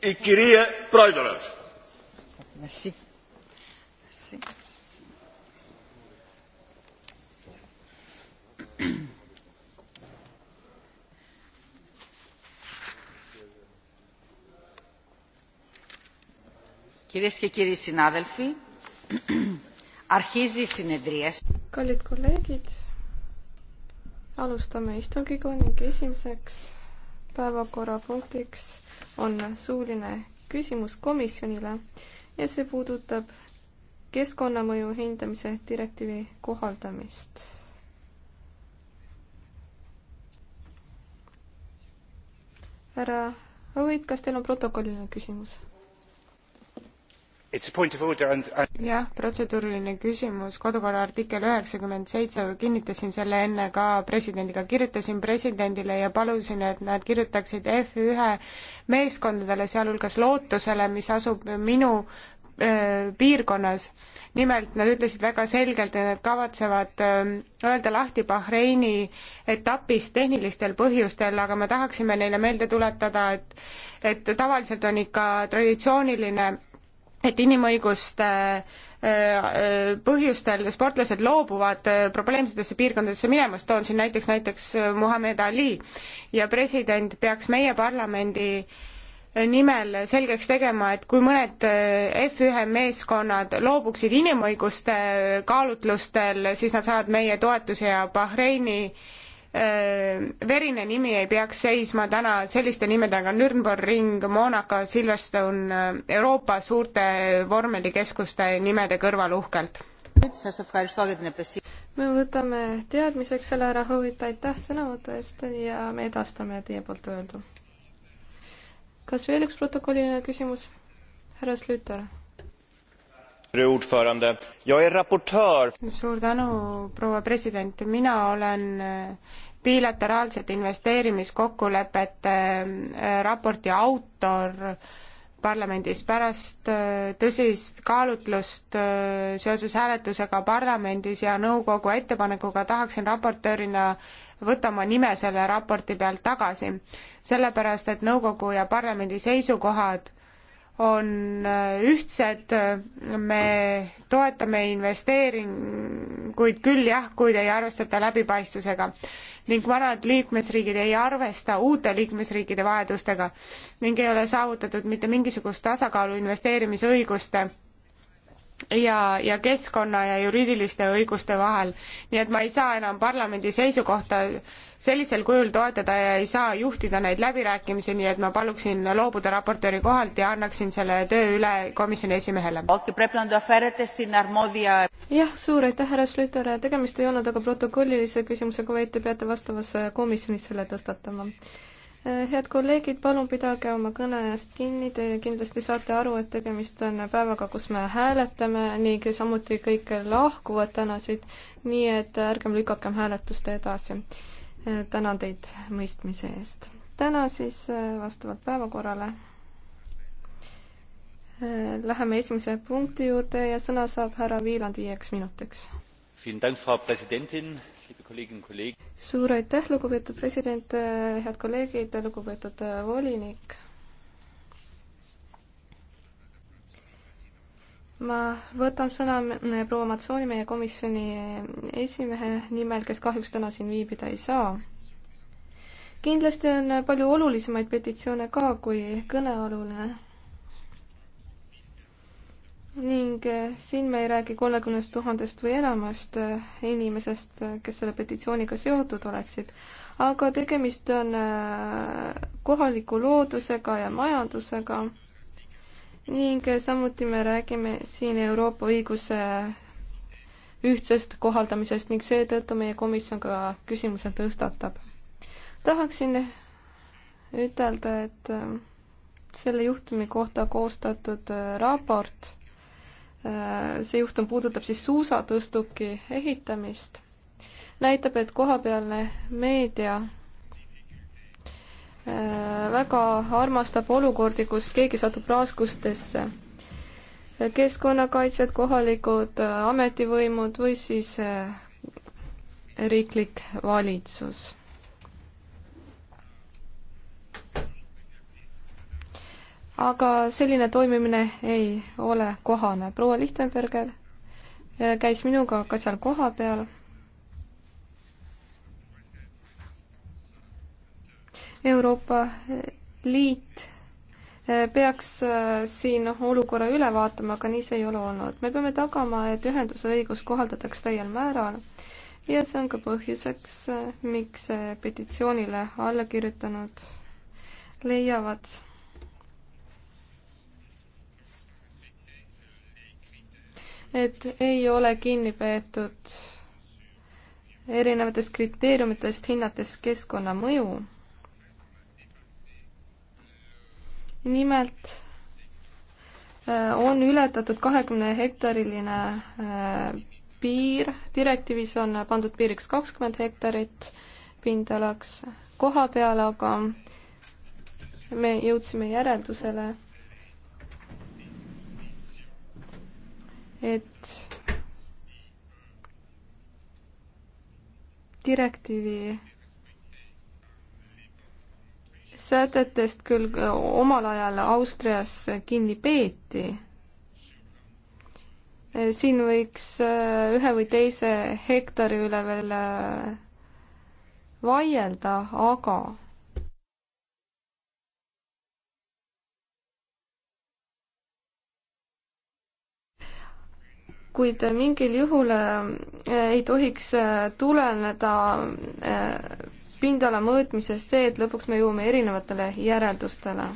Η κυρία Πρόεδρος. Merci. Merci. Κυρίες και κύριοι συνάδελφοι, αρχίζει η συνεδρίαση. Καλή κολέγγιτ alustame istungiga ning esimeseks päevakorrapunktiks on suuline küsimus komisjonile ja see puudutab keskkonnamõju hindamise direktiivi kohaldamist. härra Õvit, kas teil on protokolliline küsimus? jah, protseduuriline küsimus, kodukorra artikkel üheksakümmend seitse, kinnitasin selle enne ka presidendiga, kirjutasin presidendile ja palusin, et nad kirjutaksid F1 meeskondadele, sealhulgas Lootusele, mis asub minu öö, piirkonnas. nimelt nad ütlesid väga selgelt, et nad kavatsevad öö, öelda lahti Bahreini etapist tehnilistel põhjustel, aga me tahaksime neile meelde tuletada, et et tavaliselt on ikka traditsiooniline et inimõiguste äh, äh, põhjustel sportlased loobuvad äh, probleemsetesse piirkondadesse minemast, toon siin näiteks, näiteks Muhamed Ali ja president peaks meie parlamendi nimel selgeks tegema, et kui mõned F1 meeskonnad loobuksid inimõiguste kaalutlustel, siis nad saavad meie toetuse ja Bahreini äh, Äh, verine nimi ei peaks seisma täna selliste nimedega Nürnberg, Monaco, Silverstone, äh, Euroopa suurte vormelikeskuste nimede kõrval uhkelt. me võtame teadmiseks selle ära, Hõõvita, aitäh sõnavõtu eest ja me edastame teie poolt öeldu. kas veel üks protokolliline küsimus? härra Slüter suur tänu, proua president, mina olen eh, bilateraalsete investeerimiskokkulepete eh, eh, raporti autor parlamendis. pärast tõsist kaalutlust seoses hääletusega parlamendis ja nõukogu ettepanekuga tahaksin raportöörina võtta oma nime selle raporti pealt tagasi, sellepärast et nõukogu ja parlamendi seisukohad on äh, ühtsed, me toetame investeeringuid küll jah, kuid ei arvestata läbipaistvusega ning vanad liikmesriigid ei arvesta uute liikmesriikide vajadustega ning ei ole saavutatud mitte mingisugust tasakaalu investeerimisõiguste ja, ja keskkonna ja juriidiliste õiguste vahel. nii et ma ei saa enam parlamendi seisukohta sellisel kujul toetada ja ei saa juhtida neid läbirääkimisi, nii et ma paluksin loobuda raportööri kohalt ja annaksin selle töö üle komisjoni esimehele. jah, suur aitäh, härra Schlüter, tegemist ei olnud aga protokollilise küsimusega, vaid te peate vastavas komisjonis selle tõstatama head kolleegid, palun pidage oma kõne eest kinni, te kindlasti saate aru, et tegemist on päevaga, kus me hääletame ning samuti kõik lahkuvad täna siit, nii et ärgem lükakem hääletust edasi. tänan teid mõistmise eest. täna siis äh, vastavalt päevakorrale äh, läheme esimese punkti juurde ja sõna saab härra Viiland viieks minutiks. Vielen Dank, Frau Präsidentin suur aitäh, lugupeetud president, head kolleegid, lugupeetud volinik. ma võtan sõna proua Matsooni, meie komisjoni esimehe nimel, kes kahjuks täna siin viibida ei saa. kindlasti on palju olulisemaid petitsioone ka kui kõnealune ning eh, siin me ei räägi kolmekümnest tuhandest või enamast eh, inimesest, eh, kes selle petitsiooniga seotud oleksid, aga tegemist on kohaliku loodusega ja majandusega ning samuti me räägime siin Euroopa õiguse ühtsest kohaldamisest ning seetõttu meie komisjon ka küsimuse tõstatab. tahaksin ütelda, et selle juhtumi kohta koostatud raport Äh, see juhtum puudutab siis suusatõstuki ehitamist, näitab, et kohapealne meedia äh, väga armastab olukordi, kus keegi satub raskustesse. keskkonnakaitsjad, kohalikud äh, ametivõimud või siis riiklik valitsus aga selline toimimine ei ole kohane. proua Lichtenberger äh, käis minuga ka seal kohapeal. Euroopa äh, Liit äh, peaks siin noh, olukorra üle vaatama, aga nii see ei ole olnud. me peame tagama, et ühenduse õigus kohaldataks täiel määral ja see on ka põhjuseks, miks petitsioonile alla kirjutanud leiavad et ei ole kinni peetud erinevatest kriteeriumitest hinnates keskkonnamõju. nimelt äh, on ületatud kahekümne hektariline äh, piir, direktiivis on pandud piiriks kakskümmend hektarit pindalaks, koha peal aga me jõudsime järeldusele, et direktiivi sätetest küll omal ajal Austrias kinni peeti. siin võiks äh, ühe või teise hektari üle veel äh, vaielda, aga kuid mingil juhul äh, ei tohiks äh, tuleneda äh, pindala mõõtmisest see, et lõpuks me jõuame erinevatele järeldustele.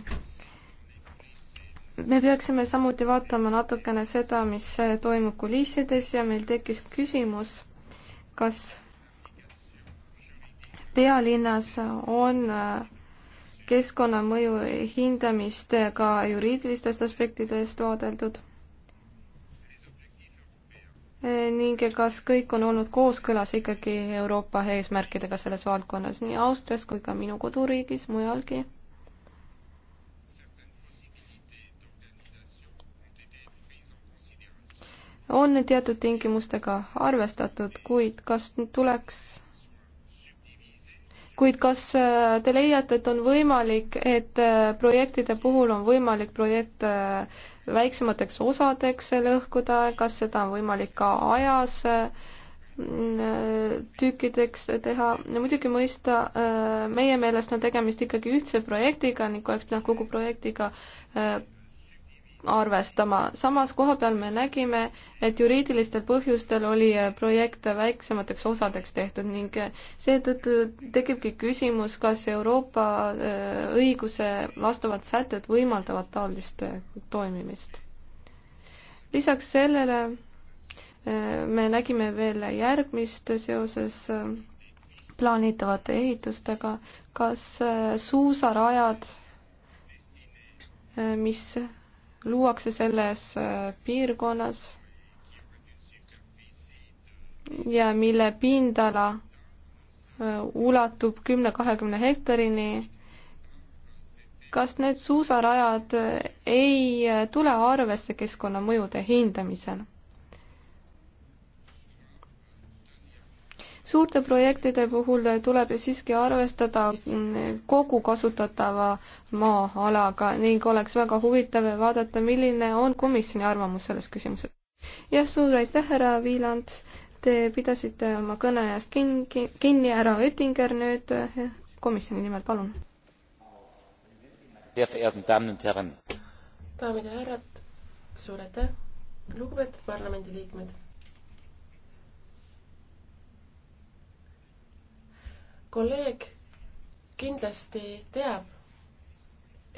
me peaksime samuti vaatama natukene seda, mis toimub kulissides ja meil tekkis küsimus, kas pealinnas on keskkonnamõju hindamist ka juriidilistest aspektidest vaadeldud ning kas kõik on olnud kooskõlas ikkagi Euroopa eesmärkidega selles valdkonnas, nii Austrias kui ka minu koduriigis, mujalgi? on teatud tingimustega arvestatud, kuid kas tuleks, kuid kas äh, te leiate, et on võimalik, et äh, projektide puhul on võimalik projekt äh, väiksemateks osadeks lõhkuda, kas seda on võimalik ka ajas mm, tükkideks teha, no muidugi mõista, äh, meie meelest on tegemist ikkagi ühtse projektiga ning oleks pidanud kogu projektiga äh, arvestama. samas koha peal me nägime, et juriidilistel põhjustel oli äh, projekte väiksemateks osadeks tehtud ning äh, seetõttu tekibki küsimus, kas Euroopa äh, õiguse vastavad sätted võimaldavad taolist toimimist. lisaks sellele me nägime veel järgmist seoses plaanitavate ehitustega, kas suusarajad, mis luuakse selles äh, piirkonnas ja mille pindala äh, ulatub kümne-kahekümne hektarini. kas need suusarajad äh, ei tule arvesse keskkonnamõjude hindamisel? suurte projektide puhul tuleb siiski arvestada kogu kasutatava maa-alaga ning oleks väga huvitav vaadata, milline on komisjoni arvamus selles küsimuses. jah, suur aitäh, härra Viiland, te pidasite oma kõne ajast kinni, kinni, härra Oettinger nüüd eh, komisjoni nimel, palun. daamid ja härrad, suur aitäh, lugupeetud parlamendiliikmed kolleeg kindlasti teab,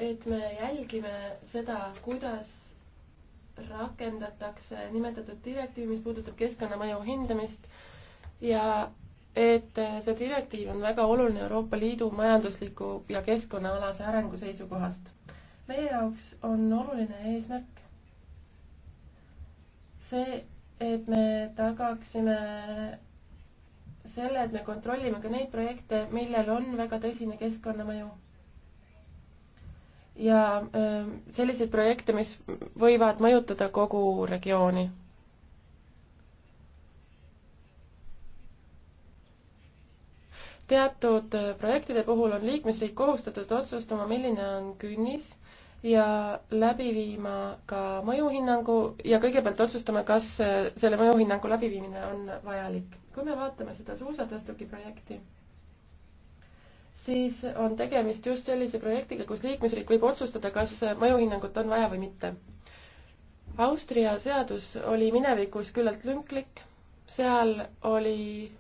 et me jälgime seda, kuidas rakendatakse nimetatud direktiiv, mis puudutab keskkonnamõju hindamist ja et see direktiiv on väga oluline Euroopa Liidu majandusliku ja keskkonnaalase arengu seisukohast. meie jaoks on oluline eesmärk see, et me tagaksime selle, et me kontrollime ka neid projekte, millel on väga tõsine keskkonnamõju. ja selliseid projekte, mis võivad mõjutada kogu regiooni teatud projektide puhul on liikmesriik kohustatud otsustama, milline on künnis ja läbi viima ka mõjuhinnangu ja kõigepealt otsustama, kas selle mõjuhinnangu läbiviimine on vajalik. kui me vaatame seda suusatõstuki projekti, siis on tegemist just sellise projektiga, kus liikmesriik võib otsustada, kas mõjuhinnangut on vaja või mitte. Austria seadus oli minevikus küllalt lünklik, seal oli,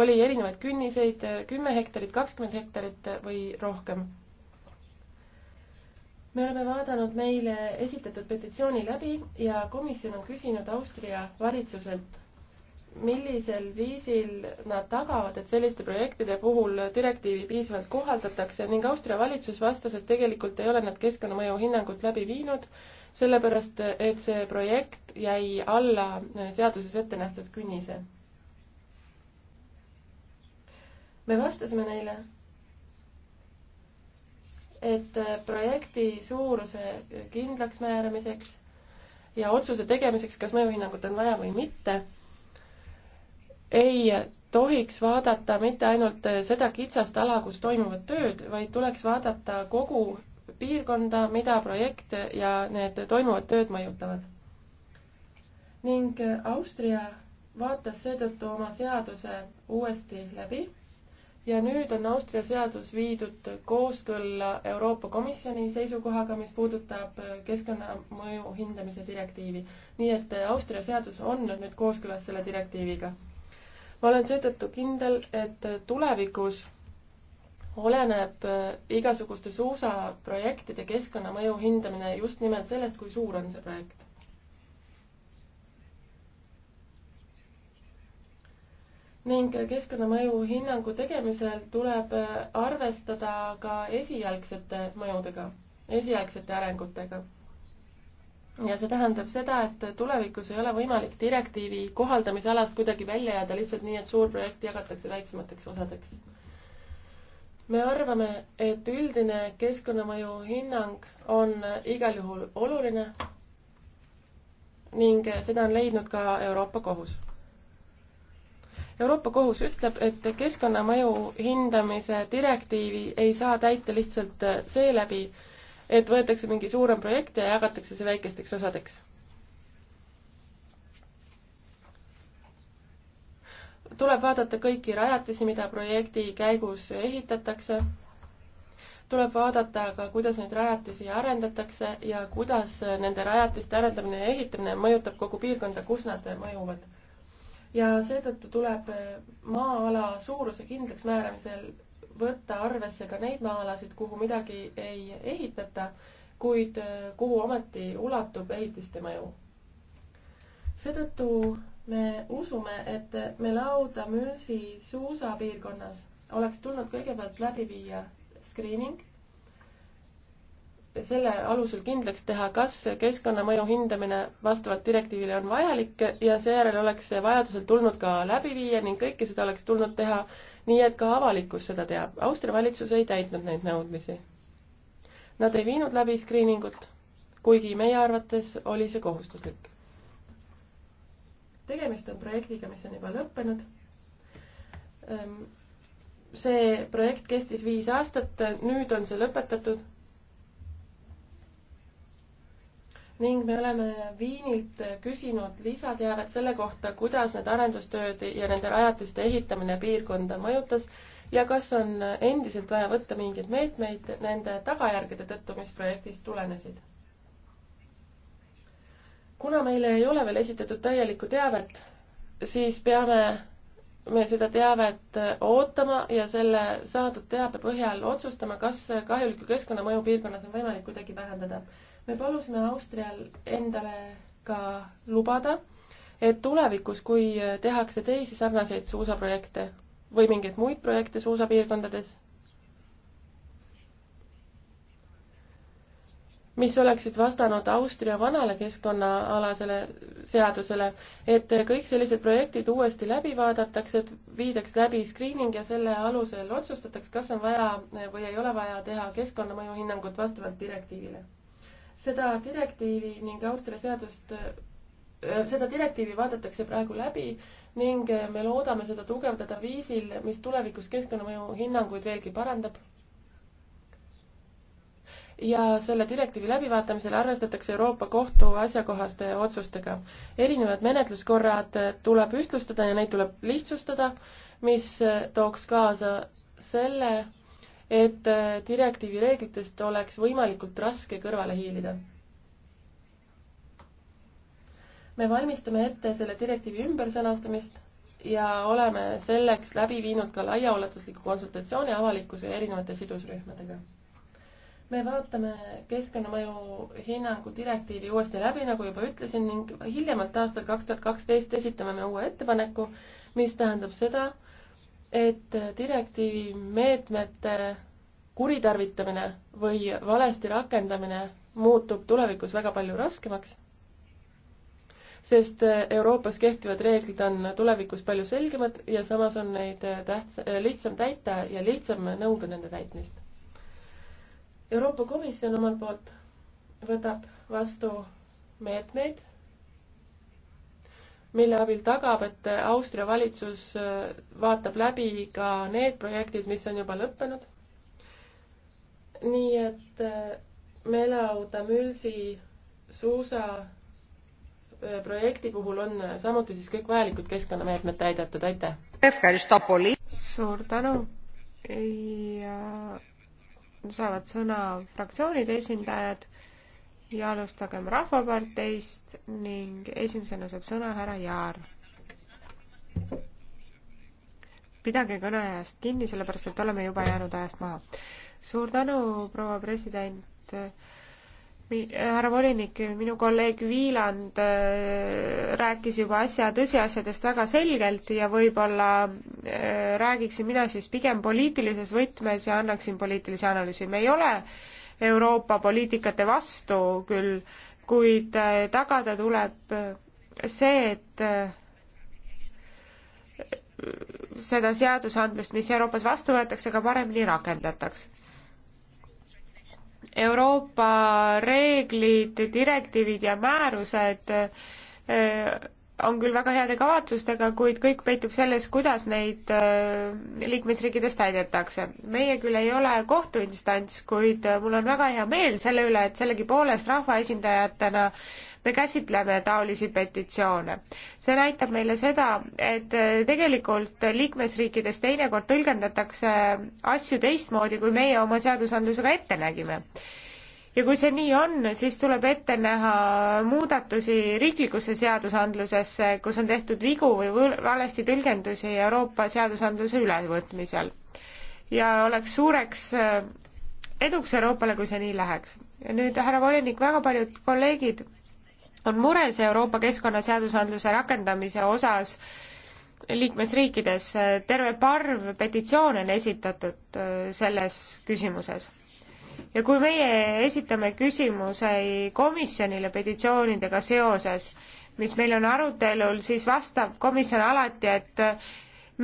oli erinevaid künniseid, kümme hektarit, kakskümmend hektarit või rohkem me oleme vaadanud meile esitatud petitsiooni läbi ja komisjon on küsinud Austria valitsuselt, millisel viisil nad tagavad, et selliste projektide puhul direktiivi piisavalt kohaldatakse ning Austria valitsus vastas, et tegelikult ei ole nad keskkonnamõju hinnangut läbi viinud, sellepärast et see projekt jäi alla seaduses ette nähtud künnise. me vastasime neile et projekti suuruse kindlaksmääramiseks ja otsuse tegemiseks, kas mõjuhinnangut on vaja või mitte, ei tohiks vaadata mitte ainult seda kitsast ala, kus toimuvad tööd, vaid tuleks vaadata kogu piirkonda, mida projekt ja need toimuvad tööd mõjutavad. ning Austria vaatas seetõttu oma seaduse uuesti läbi ja nüüd on Austria seadus viidud kooskõlla Euroopa Komisjoni seisukohaga, mis puudutab äh, keskkonnamõju hindamise direktiivi. nii et äh, Austria seadus on nüüd kooskõlas selle direktiiviga. ma olen seetõttu kindel, et äh, tulevikus oleneb igasuguste suusaprojektide keskkonnamõju hindamine just nimelt sellest, kui suur on see projekt ning keskkonnamõju hinnangu tegemisel tuleb arvestada ka esialgsete mõjudega, esialgsete arengutega. ja see tähendab seda, et tulevikus ei ole võimalik direktiivi kohaldamisalast kuidagi välja jääda lihtsalt nii, et suur projekt jagatakse väiksemateks osadeks. me arvame, et üldine keskkonnamõju hinnang on igal juhul oluline ning seda on leidnud ka Euroopa Kohus Euroopa Kohus ütleb, et keskkonnamõju hindamise direktiivi ei saa täita lihtsalt äh, seeläbi, et võetakse mingi suurem projekt ja jagatakse see väikesteks osadeks. tuleb vaadata kõiki rajatisi, mida projekti käigus ehitatakse tuleb vaadata ka, kuidas neid rajatisi arendatakse ja kuidas nende rajatiste arendamine ja ehitamine mõjutab kogu piirkonda, kus nad mõjuvad ja seetõttu tuleb äh, maa-ala suuruse kindlaks määramisel võtta arvesse ka neid maa-alasid, kuhu midagi ei ehitata, kuid äh, kuhu ometi ulatub ehitiste mõju. seetõttu me usume, et Melauda-Mürsi suusapiirkonnas oleks tulnud kõigepealt läbi viia screening selle alusel kindlaks teha, kas keskkonnamõju hindamine vastavalt direktiivile on vajalik ja seejärel oleks see vajadusel tulnud ka läbi viia ning kõike seda oleks tulnud teha nii, et ka avalikkus seda teab. Austria valitsus ei täitnud neid nõudmisi. Nad ei viinud läbi skriiningut, kuigi meie arvates oli see kohustuslik. tegemist on projektiga, mis on juba lõppenud ehm, see projekt kestis viis aastat, nüüd on see lõpetatud ning me oleme Viinilt küsinud lisateavet selle kohta, kuidas need arendustööd ja nende rajatiste ehitamine piirkonda mõjutas ja kas on endiselt vaja võtta mingeid meetmeid nende tagajärgede tõttu, mis projektist tulenesid. kuna meile ei ole veel esitatud täielikku teavet, siis peame me seda teavet ootama ja selle saadud teabe põhjal otsustama, kas kahjuliku keskkonnamõju piirkonnas on võimalik kuidagi vähendada me palusime Austrial endale ka lubada, et tulevikus, kui tehakse teisi sarnaseid suusaprojekte või mingeid muid projekte suusapiirkondades, mis oleksid vastanud Austria vanale keskkonnaalasele seadusele, et kõik sellised projektid uuesti läbi vaadatakse, et viidaks läbi screening ja selle alusel otsustatakse, kas on vaja või ei ole vaja teha keskkonnamõju hinnangut vastavalt direktiivile seda direktiivi ning Austria seadust, äh, seda direktiivi vaadatakse praegu läbi ning äh, me loodame seda tugevdada viisil, mis tulevikus keskkonnamõju hinnanguid veelgi parandab. ja selle direktiivi läbivaatamisel arvestatakse Euroopa Kohtu asjakohaste otsustega. erinevad menetluskorrad äh, tuleb ühtlustada ja neid tuleb lihtsustada, mis tooks kaasa selle, et äh, direktiivi reeglitest oleks võimalikult raske kõrvale hiilida. me valmistame ette selle direktiivi ümbersõnastamist ja oleme selleks läbi viinud ka laiaulatusliku konsultatsiooni avalikkuse ja erinevate sidusrühmadega. me vaatame keskkonnamõju hinnangu direktiivi uuesti läbi, nagu juba ütlesin, ning hiljemalt aastal kaks tuhat kaksteist esitame me uue ettepaneku, mis tähendab seda, et direktiivi meetmete kuritarvitamine või valesti rakendamine muutub tulevikus väga palju raskemaks, sest Euroopas kehtivad reeglid on tulevikus palju selgemad ja samas on neid täht-, lihtsam täita ja lihtsam nõuda nende täitmist. Euroopa Komisjon omalt poolt võtab vastu meetmeid mille abil tagab, et Austria valitsus äh, vaatab läbi ka need projektid, mis on juba lõppenud. nii et äh, Melau Tamülsi suusa äh, projekti puhul on samuti siis kõik vajalikud keskkonnameetmed täidetud, aitäh! suur tänu ja saavad sõna fraktsioonide esindajad ja alustagem Rahvaparteist ning esimesena saab sõna härra Jaar. pidage kõne ajast kinni, sellepärast et oleme juba jäänud ajast maha. suur tänu, proua president härra volinik, minu kolleeg Viiland äh, rääkis juba asja tõsiasjadest väga selgelt ja võib-olla äh, räägiksin mina siis pigem poliitilises võtmes ja annaksin poliitilise analüüsi. me ei ole äh, Euroopa poliitikate vastu küll, kuid äh, tagada tuleb äh, see, et äh, seda seadusandlust, mis Euroopas vastu võetakse, ka paremini rakendataks. Euroopa reeglid, direktiivid ja määrused on küll väga heade kavatsustega, kuid kõik peitub selles, kuidas neid äh, liikmesriikides täidetakse. meie küll ei ole kohtuinstants, kuid äh, mul on väga hea meel selle üle, et sellegipoolest rahvaesindajatena me käsitleme taolisi petitsioone. see näitab meile seda, et äh, tegelikult liikmesriikides teinekord tõlgendatakse asju teistmoodi, kui meie oma seadusandlusega ette nägime ja kui see nii on, siis tuleb ette näha muudatusi riiklikusse seadusandlusesse, kus on tehtud vigu või valesti tõlgendusi Euroopa seadusandluse ülevõtmisel. ja oleks suureks äh, eduks Euroopale, kui see nii läheks. nüüd, härra volinik, väga paljud kolleegid on mures Euroopa keskkonnaseadusandluse rakendamise osas liikmesriikides. terve parv petitsioone on esitatud äh, selles küsimuses ja kui meie esitame küsimusi komisjonile petitsioonidega seoses, mis meil on arutelul, siis vastab komisjon alati, et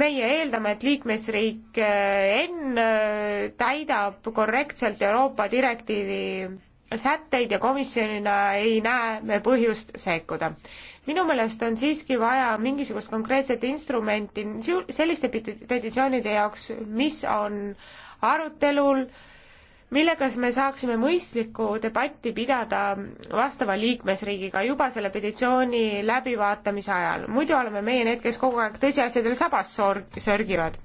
meie eeldame, et liikmesriik eh, N eh, täidab korrektselt Euroopa direktiivi sätteid ja komisjonina ei näe me põhjust sekkuda. minu meelest on siiski vaja mingisugust konkreetset instrumenti selliste petitsioonide jaoks, mis on arutelul äh, millega siis me saaksime mõistlikku debatti pidada vastava liikmesriigiga juba selle petitsiooni läbivaatamise ajal. muidu oleme meie need, kes kogu aeg tõsiasjadel sabas sorg-, sörgivad.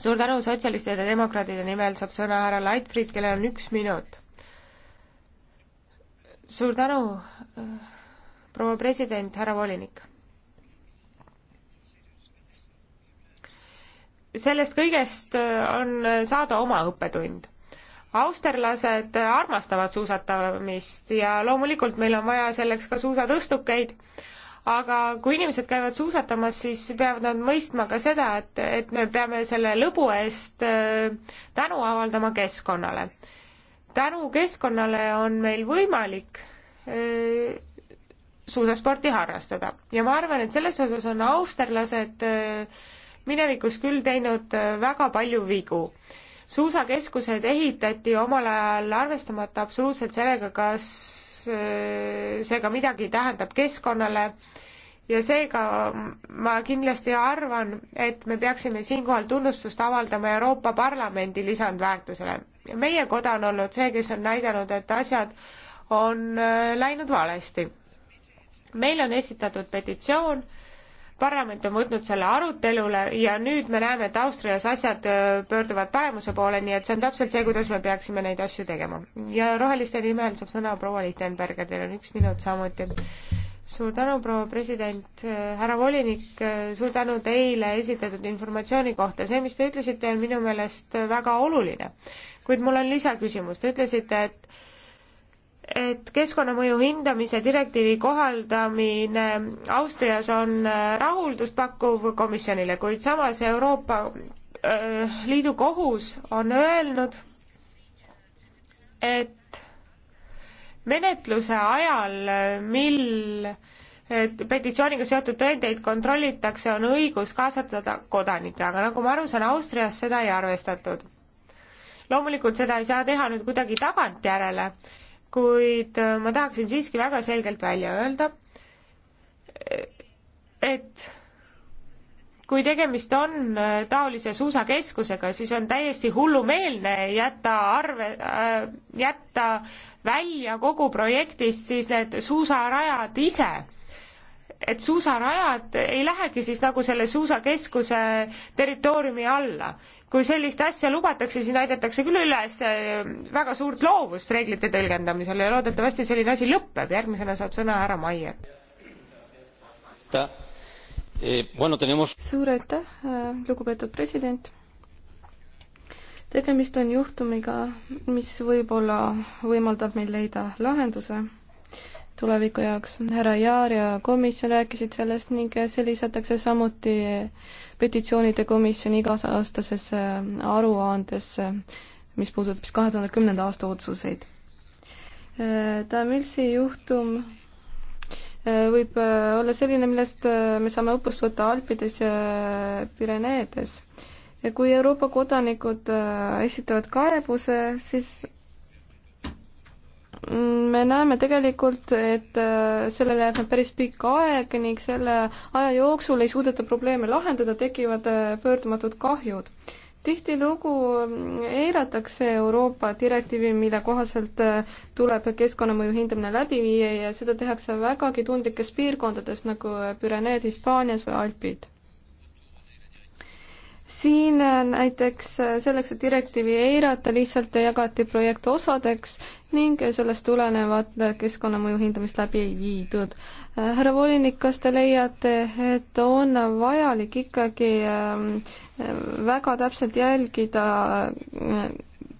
suur tänu sotsialistide ja demokraatide nimel saab sõna härra Leitfried, kellel on üks minut. suur tänu, proua president, härra volinik sellest kõigest on saada oma õppetund austerlased armastavad suusatamist ja loomulikult meil on vaja selleks ka suusatõstukeid, aga kui inimesed käivad suusatamas, siis peavad nad mõistma ka seda, et, et me peame selle lõbu eest äh, tänu avaldama keskkonnale. tänu keskkonnale on meil võimalik äh, suusasporti harrastada ja ma arvan, et selles osas on austerlased äh, minevikus küll teinud väga palju vigu suusakeskused ehitati omal ajal arvestamata absoluutselt sellega, kas äh, see ka midagi tähendab keskkonnale ja seega ma kindlasti arvan, et me peaksime siinkohal tunnustust avaldama Euroopa Parlamendi lisandväärtusele. meie koda on olnud see, kes on näidanud, et asjad on äh, läinud valesti. meile on esitatud petitsioon parlament on võtnud selle arutelule ja nüüd me näeme, et Austrias asjad äh, pöörduvad paremuse poole, nii et see on täpselt see, kuidas me peaksime neid asju tegema. ja roheliste nimel saab sõna proua Lichtenberger, teil on üks minut samuti. suur tänu, proua president, äh, härra volinik, äh, suur tänu teile esitatud informatsiooni kohta, see, mis te ütlesite, on minu meelest väga oluline. kuid mul on lisaküsimus, te ütlesite, et et keskkonnamõju hindamise direktiivi kohaldamine Austrias on äh, rahuldust pakkuv komisjonile, kuid samas Euroopa äh, Liidu kohus on öelnud, et menetluse ajal, äh, mil petitsiooniga seotud tõendeid kontrollitakse, on õigus kaasata kodanikke, aga nagu ma aru saan, Austrias seda ei arvestatud. loomulikult seda ei saa teha nüüd kuidagi tagantjärele, kuid äh, ma tahaksin siiski väga selgelt välja öelda, et kui tegemist on äh, taolise suusakeskusega, siis on täiesti hullumeelne jätta arve äh,, jätta välja kogu projektist siis need suusarajad ise et suusarajad ei lähegi siis nagu selle suusakeskuse territooriumi alla. kui sellist asja lubatakse, siis näidatakse küll üles ehm, väga suurt loovust reeglite tõlgendamisel ja loodetavasti selline asi lõpeb, järgmisena saab sõna härra Maier. Eh, suur aitäh, eh, lugupeetud president tegemist on juhtumiga, mis võib-olla võimaldab meil leida lahenduse tuleviku jaoks. härra Jaar ja komisjon rääkisid sellest ning see lisatakse samuti petitsioonide komisjoni iga-aastasesse äh, aruandesse, äh, mis puudutab siis kahe tuhande kümnenda aasta otsuseid. Äh, Tamilsi juhtum võib olla selline, millest me saame õppust võtta Alpides ja Pireneedes. ja kui Euroopa kodanikud esitavad kaebuse, siis me näeme tegelikult, et äh, sellele järgneb päris pikk aeg ning selle aja jooksul ei suudeta probleeme lahendada, tekivad äh, pöördumatud kahjud. tihtilugu mm, eiratakse Euroopa direktiivi, mille kohaselt äh, tuleb keskkonnamõju hindamine läbi viia ja seda tehakse vägagi tundlikes piirkondades nagu Püreneed Hispaanias või Alpid siin näiteks selleks, et direktiivi eirata, lihtsalt jagati projekt osadeks ning sellest tulenevat keskkonnamõju hindamist läbi ei viidud. härra volinik, kas te leiate, et on vajalik ikkagi ähm, väga täpselt jälgida äh,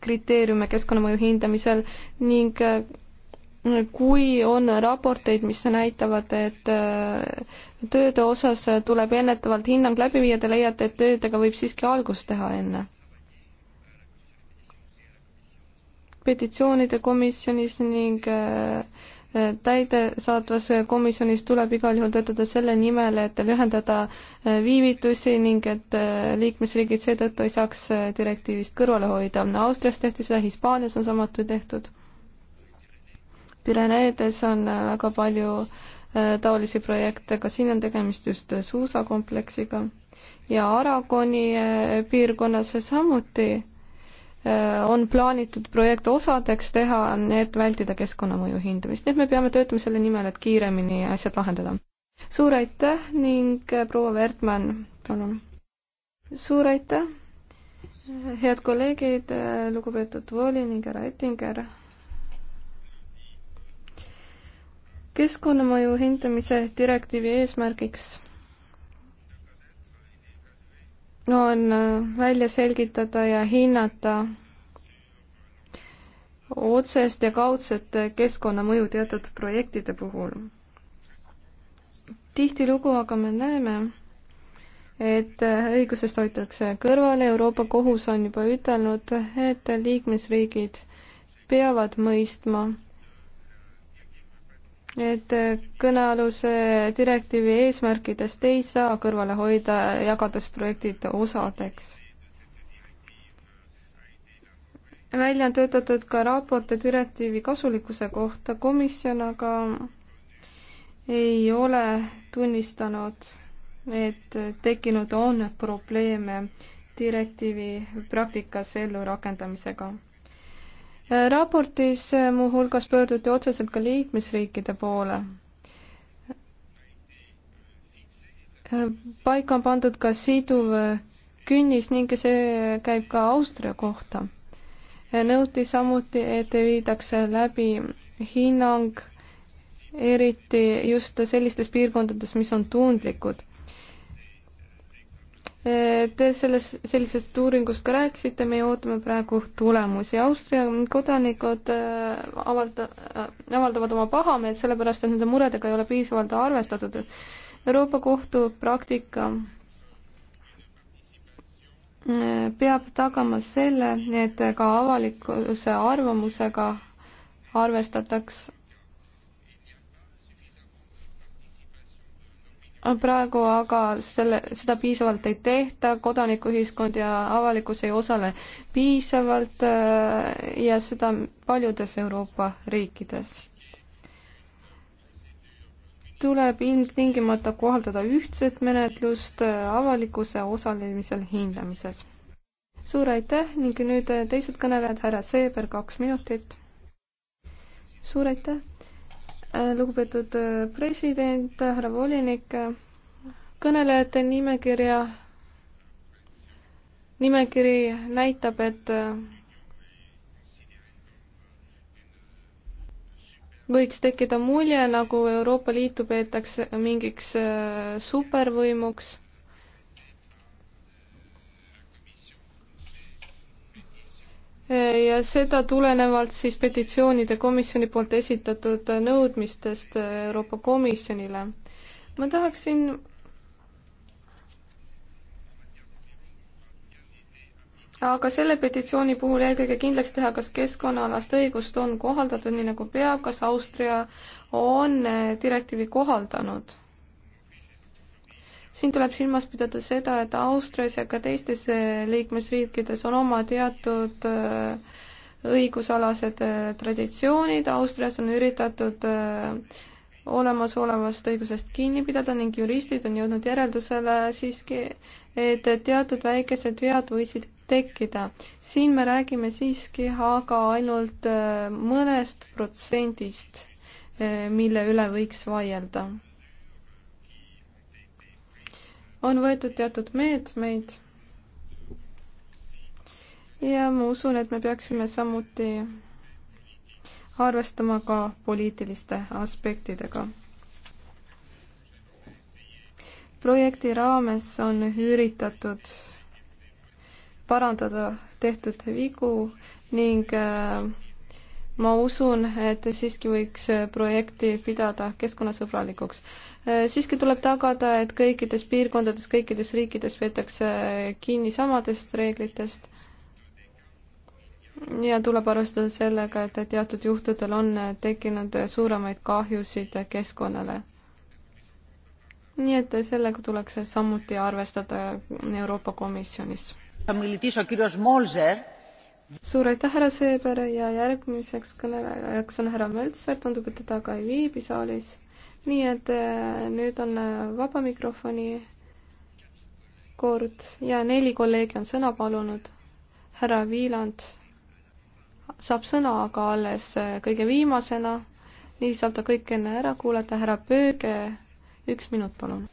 kriteeriume keskkonnamõju hindamisel ning äh, kui on raporteid, mis näitavad, et äh, tööde osas tuleb ennetavalt hinnang läbi viia, te leiate, et töödega võib siiski algust teha enne? petitsioonide komisjonis ning äh, äh, täidesaatvas komisjonis tuleb igal juhul töötada selle nimel, et lühendada äh, viivitusi ning et liikmesriigid seetõttu ei saaks direktiivist kõrvale hoida. Austrias tehti seda, Hispaanias on samuti tehtud. Pireneedes on väga palju taolisi projekte, ka siin on tegemist just suusakompleksiga ja Aragoni piirkonnas samuti Äh, on plaanitud projekt osadeks teha, et vältida keskkonnamõju hindamist, nii et me peame töötama selle nimel, et kiiremini asjad lahendada. suur aitäh ning äh, proua Wertmann, palun. suur aitäh, head kolleegid, äh, lugupeetud volinik härra Ettinger. keskkonnamõju hindamise direktiivi eesmärgiks on äh, välja selgitada ja hinnata otsest ja kaudset keskkonnamõju teatud projektide puhul. tihtilugu aga me näeme, et äh, õigusest hoitakse kõrvale, Euroopa Kohus on juba ütelnud, et liikmesriigid peavad mõistma, et kõnealuse direktiivi eesmärkidest ei saa kõrvale hoida, jagades projektid osadeks. välja on töötatud ka raport direktiivi kasulikkuse kohta, komisjon aga ei ole tunnistanud, et tekkinud on probleeme direktiivi praktikas ellurakendamisega raportis eh, muuhulgas pöörduti otseselt ka liikmesriikide poole. Eh, paika on pandud ka siduv eh, künnis ning see käib ka Austria kohta. nõuti samuti, et viidakse läbi hinnang eriti just sellistes piirkondades, mis on tundlikud Te selles, sellisest uuringust ka rääkisite, meie ootame praegu tulemusi. Austria kodanikud äh, avalda, äh, avaldavad oma pahameelt sellepärast, et nende muredega ei ole piisavalt arvestatud. Euroopa Kohtu praktika äh, peab tagama selle, et ka avalikkuse arvamusega arvestataks praegu aga selle, seda piisavalt ei tehta, kodanikuühiskond ja avalikkus ei osale piisavalt äh, ja seda paljudes Euroopa riikides. tuleb ilmtingimata kohaldada ühtset menetlust äh, avalikkuse osalemisel hindamises. suur aitäh ning nüüd äh, teised kõnelejad, härra Seeber, kaks minutit. suur aitäh Äh, lugupeetud äh, president, äh, härra volinik, kõnelejate nimekirja, nimekiri näitab, et võiks tekkida mulje, nagu Euroopa Liitu peetakse mingiks supervõimuks ja seda tulenevalt siis petitsioonide komisjoni poolt esitatud nõudmistest Euroopa Komisjonile. ma tahaksin aga selle petitsiooni puhul eelkõige kindlaks teha, kas keskkonnaalast õigust on kohaldatud nii nagu peab, kas Austria on direktiivi kohaldanud siin tuleb silmas pidada seda, et Austrias ja ka teistes äh, liikmesriikides on oma teatud äh, õigusalased äh, traditsioonid, Austrias on üritatud olemasolevast õigusest kinni pidada ning juristid on jõudnud järeldusele siiski, et teatud väikesed vead võisid tekkida. siin me räägime siiski aga ainult mõnest protsendist, mille üle võiks vaielda on võetud teatud meetmeid ja ma usun, et me peaksime samuti arvestama ka poliitiliste aspektidega. projekti raames on üritatud parandada tehtud vigu ning äh, ma usun, et siiski võiks projekti pidada keskkonnasõbralikuks Äh, siiski tuleb tagada, et kõikides piirkondades, kõikides riikides peetakse kinni samadest reeglitest ja tuleb arvestada sellega, et teatud juhtudel on tekkinud suuremaid kahjusid keskkonnale. nii et sellega tuleks samuti arvestada Euroopa Komisjonis. suur aitäh, härra Seeber ja järgmiseks kõnelejaks on härra Möltser, tundub, et teda ka ei viibi saalis nii et äh, nüüd on äh, vaba mikrofoni kord ja neli kolleegi on sõna palunud. härra Viiland saab sõna aga alles äh, kõige viimasena, nii saab ta kõik enne ära kuulata, härra Pööge, üks minut, palun.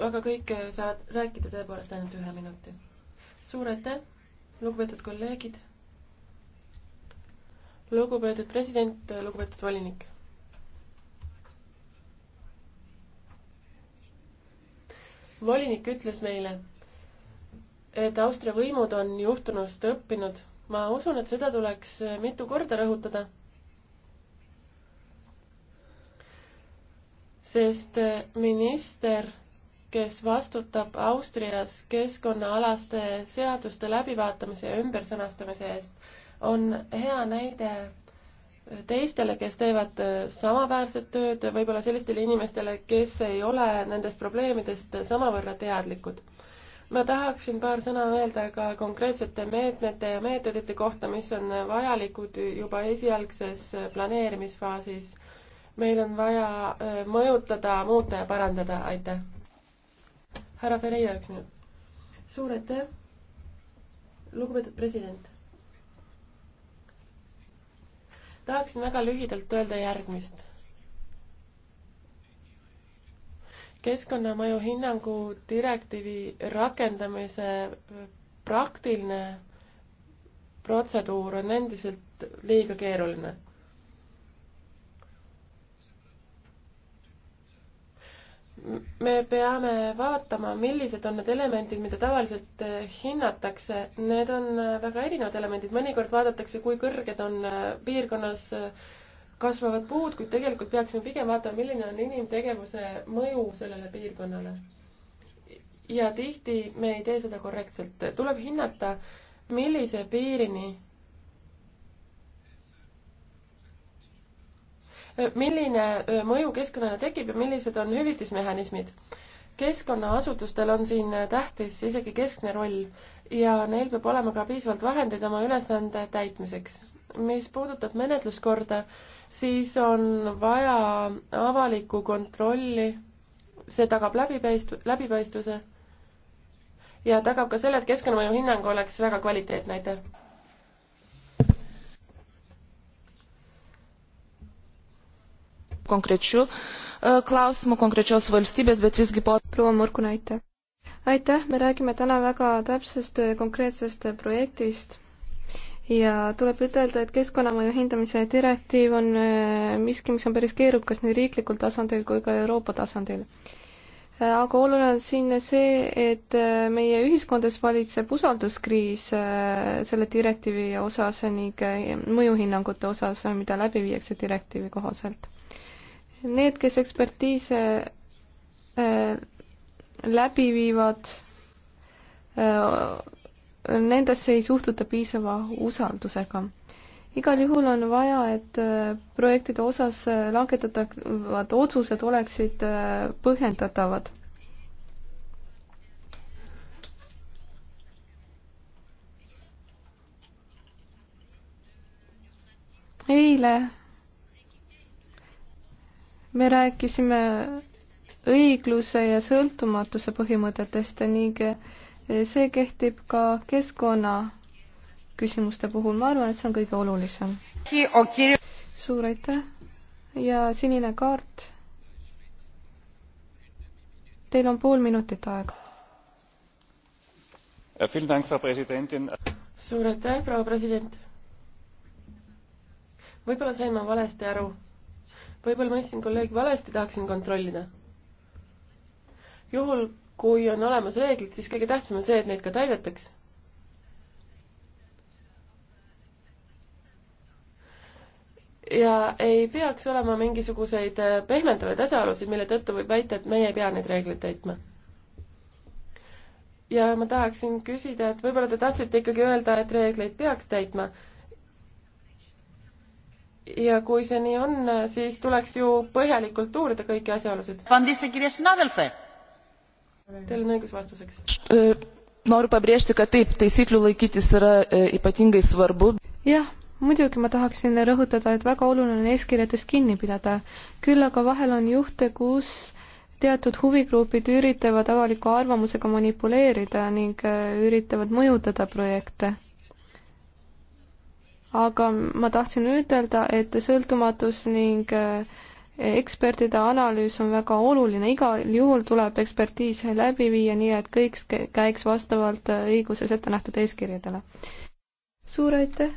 aga kõik saavad rääkida tõepoolest ainult ühe minuti. suur aitäh, lugupeetud kolleegid lugupeetud president, lugupeetud volinik. volinik ütles meile, et Austria võimud on juhtunust õppinud. ma usun, et seda tuleks mitu korda rõhutada. sest minister, kes vastutab Austrias keskkonnaalaste seaduste läbivaatamise ja ümbersõnastamise eest, on hea näide teistele, kes teevad äh, samaväärset tööd, võib-olla sellistele inimestele, kes ei ole nendest probleemidest samavõrra teadlikud. ma tahaksin paar sõna öelda ka konkreetsete meetmete ja meetodite kohta, mis on vajalikud juba esialgses planeerimisfaasis. meil on vaja äh, mõjutada, muuta ja parandada, aitäh. härra Ferreira, üks minut. suur aitäh, lugupeetud president tahaksin väga lühidalt öelda järgmist. keskkonnamõju hinnangu direktiivi rakendamise praktiline protseduur on endiselt liiga keeruline me peame vaatama, millised on need elemendid, mida tavaliselt eh, hinnatakse. Need on eh, väga erinevad elemendid, mõnikord vaadatakse, kui kõrged on eh, piirkonnas kasvavad puud, kuid tegelikult peaksime pigem vaatama, milline on inimtegevuse mõju sellele piirkonnale. ja tihti me ei tee seda korrektselt, tuleb hinnata, millise piirini milline mõju keskkonnale tekib ja millised on hüvitismehhanismid. keskkonnaasutustel on siin tähtis, isegi keskne roll ja neil peab olema ka piisavalt vahendeid oma ülesande täitmiseks. mis puudutab menetluskorda, siis on vaja avalikku kontrolli, see tagab läbipaistv-, läbipaistvuse ja tagab ka selle, et keskkonnamõju hinnang oleks väga kvaliteetne, aitäh! konkrečių e, klausimų, konkrečios valstybės, bet visgi po... proua Murkunaite. aitäh, me räägime täna väga täpsest e, konkreetsest e, projektist ja tuleb ütelda, et keskkonnamõju hindamise direktiiv on miski, mis on päris keerukas nii riiklikul tasandil kui ka Euroopa tasandil. aga oluline on siin see, et meie ühiskondades valitseb usalduskriis selle direktiivi osas ning mõjuhinnangute osas, mida läbi viiakse direktiivi kohaselt. Need, kes ekspertiise äh, läbi viivad, äh, nendesse ei suhtuta piisava usaldusega igal juhul on vaja, et äh, projektide osas langetatavad otsused oleksid põhjendatavad. eile me rääkisime õigluse ja sõltumatuse põhimõtetest ning see kehtib ka keskkonna küsimuste puhul, ma arvan, et see on kõige olulisem. suur aitäh ja sinine kaart. Teil on pool minutit aega. suur aitäh, proua president. võib-olla sain ma valesti aru võib-olla mõistsin kolleeg valesti, tahaksin kontrollida. juhul, kui on olemas reeglid, siis kõige tähtsam on see, et neid ka täidetaks. ja ei peaks olema mingisuguseid äh, pehmendavaid asjaolusid, mille tõttu võib väita, et meie ei pea neid reegleid täitma. ja ma tahaksin küsida, et võib-olla te tahtsite ikkagi öelda, et reegleid peaks täitma ja kui see nii on, siis tuleks ju põhjalikult uurida kõiki asjaolusid. Teil on õigus vastuseks. E, noriu pabrėžti, kad taip, taisyklių laikytis yra e, ypatingai svarbu. jah, muidugi ma tahaksin rõhutada, et väga oluline on eeskirjadest kinni pidada. küll aga vahel on juhte, kus teatud huvigrupid üritavad avaliku arvamusega manipuleerida ning e, üritavad mõjutada projekte aga ma tahtsin ütelda, et sõltumatus ning eh, ekspertide analüüs on väga oluline, igal juhul tuleb ekspertiis läbi viia nii, et kõik käiks vastavalt eh, õiguses ette nähtud eeskirjadele. suur aitäh!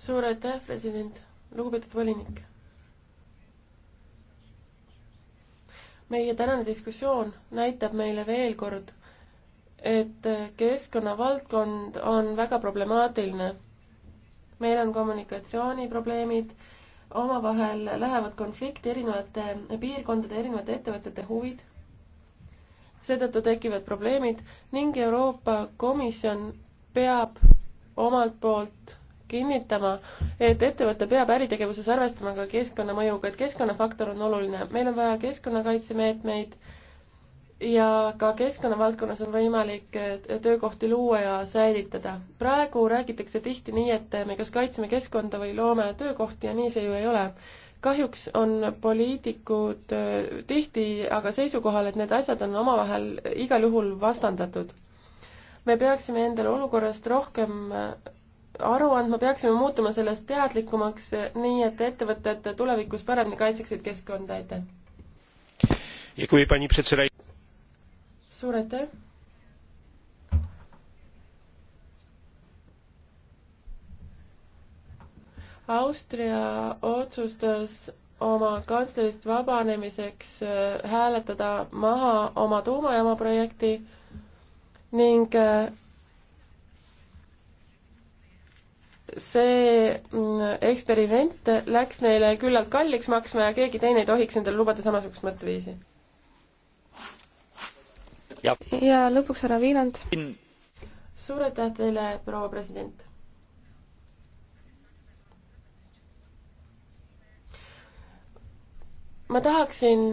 suur aitäh, president, lugupeetud volinik! meie tänane diskussioon näitab meile veel kord, et eh, keskkonnavaldkond on väga problemaatiline. meil on kommunikatsiooniprobleemid, omavahel lähevad konflikti erinevate piirkondade, erinevate ettevõtete huvid, seetõttu tekivad probleemid ning Euroopa Komisjon peab omalt poolt kinnitama, et ettevõte peab äritegevuses arvestama ka keskkonnamõjuga, et keskkonnafaktor on oluline. meil on vaja keskkonnakaitsemeetmeid ja ka keskkonnavaldkonnas on võimalik töökohti luua ja säilitada. praegu räägitakse tihti nii, et me kas kaitseme keskkonda või loome töökohti ja nii see ju ei ole. kahjuks on poliitikud äh, tihti aga seisukohal, et need asjad on omavahel igal juhul vastandatud. me peaksime endale olukorrast rohkem äh, aru andma, peaksime muutuma sellest teadlikumaks, äh, nii et ettevõtted tulevikus paremini kaitseksid keskkonda, aitäh! paní předsedající suur aitäh. Austria otsustas oma kantslerist vabanemiseks äh, hääletada maha oma tuumajaama projekti ning äh, see mm, eksperiment läks neile küllalt kalliks maksma ja keegi teine ei tohiks endale lubada samasugust mõtteviisi ja lõpuks härra Viiland. suur aitäh teile, proua president ma tahaksin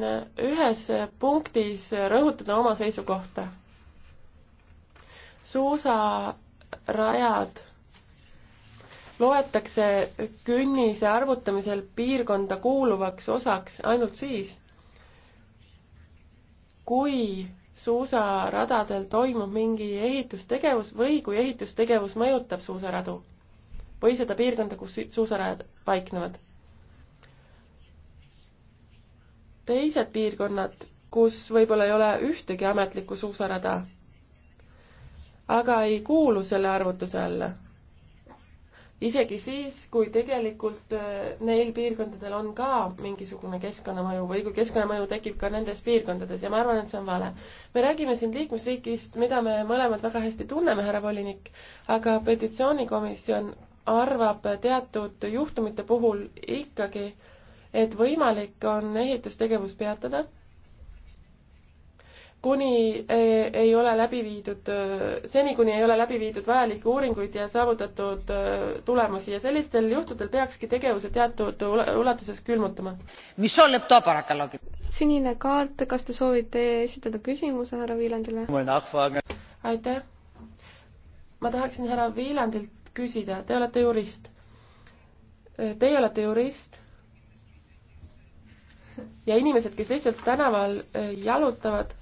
ühes punktis rõhutada oma seisukohta. suusarajad loetakse künnise arvutamisel piirkonda kuuluvaks osaks ainult siis, kui suusaradadel toimub mingi ehitustegevus või kui ehitustegevus mõjutab suusaradu või seda piirkonda, kus suusarajad paiknevad. teised piirkonnad, kus võib-olla ei ole ühtegi ametlikku suusarada, aga ei kuulu selle arvutuse alla isegi siis, kui tegelikult äh, neil piirkondadel on ka mingisugune keskkonnamõju või kui keskkonnamõju tekib ka nendes piirkondades ja ma arvan, et see on vale. me räägime siin liikmesriigist, mida me mõlemad väga hästi tunneme, härra volinik, aga petitsioonikomisjon arvab teatud juhtumite puhul ikkagi, et võimalik on ehitustegevus peatada kuni ei ole läbi viidud, seni kuni ei ole läbi viidud vajalikke uuringuid ja saavutatud äh, tulemusi ja sellistel juhtudel peakski tegevuse teatud ulatuses külmutama. sinine kaart, kas te soovite esitada küsimuse härra Viilandile? aitäh. ma tahaksin härra Viilandilt küsida, te olete jurist. Teie olete jurist ja inimesed, kes lihtsalt tänaval äh, jalutavad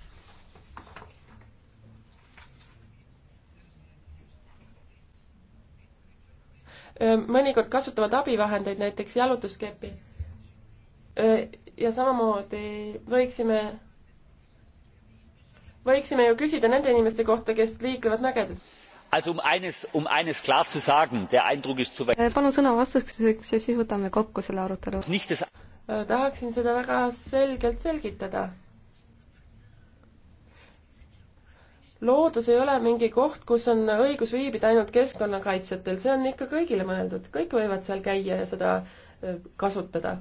mõnikord kasutavad abivahendeid, näiteks jalutuskepi. ja samamoodi võiksime, võiksime ju küsida nende inimeste kohta, kes liiklevad mägedes. Also um eines, um eines klar zu sagen, der Eindruck ist zu palun sõna vastuseks ja siis võtame kokku selle arutelu. tahaksin seda väga selgelt selgitada loodus ei ole mingi koht, kus on õigus viibida ainult keskkonnakaitsjatel, see on ikka kõigile mõeldud, kõik võivad seal käia ja seda kasutada.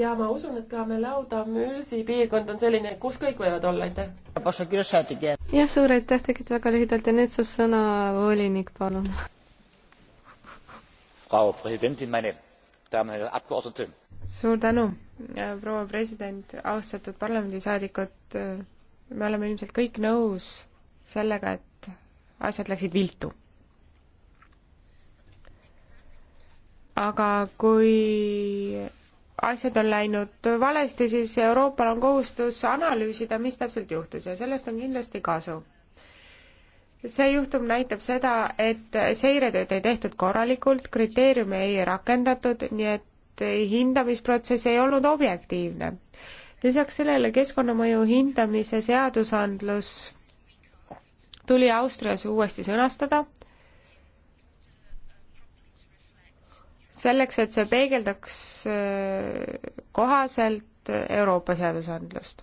ja ma usun, et ka Melauda-Mülsi piirkond on selline, kus kõik võivad olla, aitäh. jah, suur aitäh, tegite väga lühidalt ja nüüd saab sõna volinik, palun. Frau Präsidentin, meine Damen und Herren Abgeordnete suur tänu, äh, proua president, austatud parlamendisaadikud, äh, me oleme ilmselt kõik nõus sellega, et asjad läksid viltu. aga kui asjad on läinud valesti, siis Euroopal on kohustus analüüsida, mis täpselt juhtus ja sellest on kindlasti kasu. see juhtum näitab seda, et seiretööd ei tehtud korralikult, kriteeriume ei rakendatud, nii et et hindamisprotsess ei olnud objektiivne. lisaks sellele keskkonnamõju hindamise seadusandlus tuli Austrias uuesti sõnastada, selleks, et see peegeldaks äh, kohaselt Euroopa seadusandlust.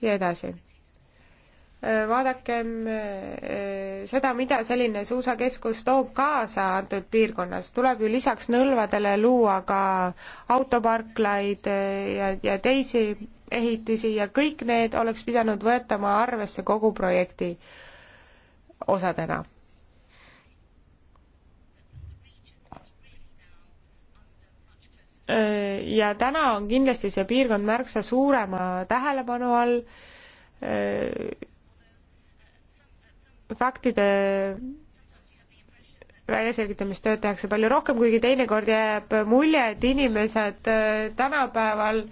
ja edasi Äh, vaadakem äh, seda, mida selline suusakeskus toob kaasa antud piirkonnas, tuleb ju lisaks nõlvadele luua ka autoparklaid äh, ja, ja teisi ehitisi ja kõik need oleks pidanud võetama arvesse kogu projekti osadena ja täna on kindlasti see piirkond märksa suurema tähelepanu all faktide väljaselgitamistööd tehakse palju rohkem, kuigi teinekord jääb mulje, et inimesed äh, tänapäeval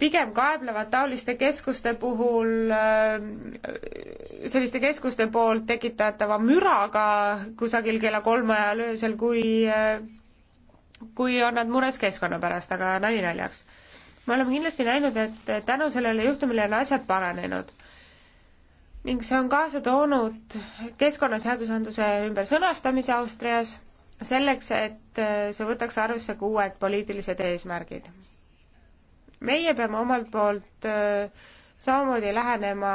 pigem kaeblevad taoliste keskuste puhul, äh, selliste keskuste poolt tekitatava müraga kusagil kella kolme ajal öösel, kui, äh, kui on nad mures keskkonna pärast, aga nali naljaks. me oleme kindlasti näinud, et tänu sellele juhtumile on asjad paranenud ning see on kaasa toonud keskkonnaseadusandluse ümber sõnastamise Austrias selleks, et äh, see võtaks arvesse ka uued poliitilised eesmärgid. meie peame omalt poolt äh, samamoodi lähenema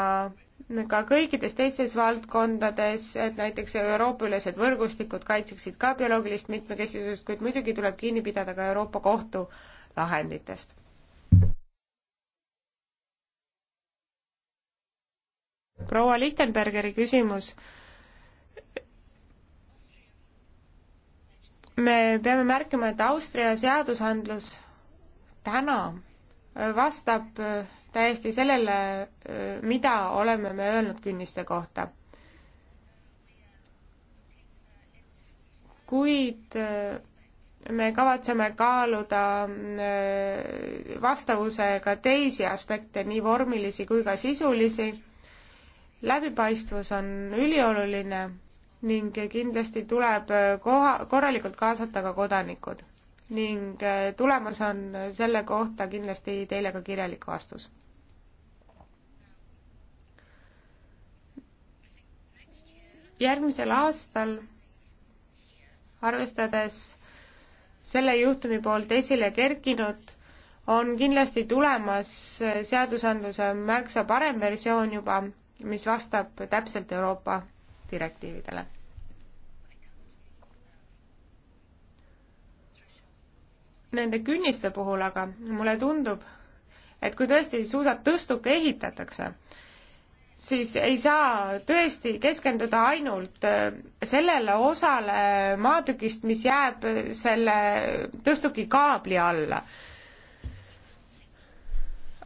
ka kõikides teistes valdkondades, et näiteks Euroopa-ülesed võrgustikud kaitseksid ka bioloogilist mitmekesisust, kuid muidugi tuleb kinni pidada ka Euroopa Kohtu lahenditest. proua Lichtenbergeri küsimus. me peame märkima, et Austria seadusandlus täna äh, vastab äh, täiesti sellele, äh, mida oleme me öelnud künniste kohta. kuid me kavatseme kaaluda vastavusega teisi aspekte, nii vormilisi kui ka sisulisi läbipaistvus on ülioluline ning kindlasti tuleb koha, korralikult kaasata ka kodanikud. ning äh, tulemas on selle kohta kindlasti teile ka kirjalik vastus. järgmisel aastal, arvestades selle juhtumi poolt esile kerkinud, on kindlasti tulemas äh, seadusandluse märksa parem versioon juba mis vastab täpselt Euroopa direktiividele. Nende künniste puhul aga mulle tundub, et kui tõesti suusad tõstuke ehitatakse, siis ei saa tõesti keskenduda ainult äh, sellele osale maatükist, mis jääb selle tõstuki kaabli alla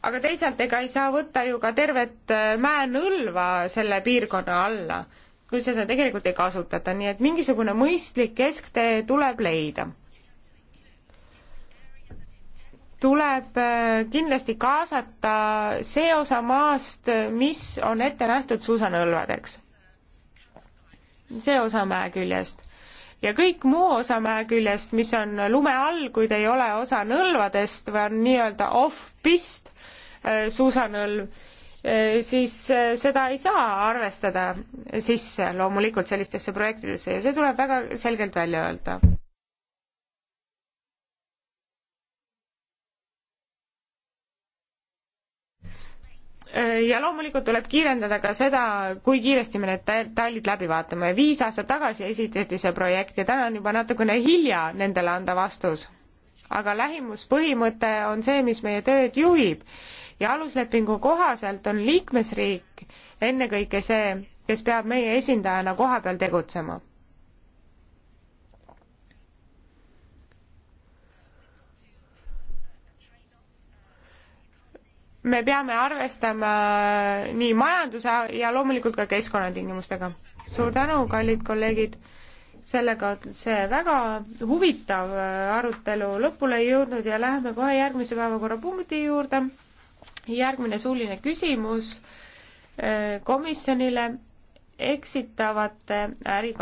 aga teisalt, ega ei saa võtta ju ka tervet äh, Mäe-Nõlva selle piirkonna alla, kui seda tegelikult ei kasutata, nii et mingisugune mõistlik kesktee tuleb leida. tuleb äh, kindlasti kaasata see osa maast, mis on ette nähtud suusanõlvadeks. see osa mäe küljest ja kõik muu osa mäe küljest, mis on lume all, kuid ei ole osa nõlvadest või on nii-öelda off-pist, Äh, suusanõlv, äh, siis äh, seda ei saa arvestada sisse loomulikult sellistesse projektidesse ja see tuleb väga selgelt välja öelda. ja loomulikult tuleb kiirendada ka seda, kui kiiresti me need detailid läbi vaatame. viis aastat tagasi esitati see projekt ja täna on juba natukene hilja nendele anda vastus. aga lähimuspõhimõte on see, mis meie tööd juhib ja aluslepingu kohaselt on liikmesriik ennekõike see, kes peab meie esindajana kohapeal tegutsema. me peame arvestama nii majanduse ja loomulikult ka keskkonnatingimustega. suur tänu, kallid kolleegid sellega on see väga huvitav arutelu lõpule jõudnud ja läheme kohe järgmise päevakorrapunkti juurde järgmine suuline küsimus äh, komisjonile eksitavate äri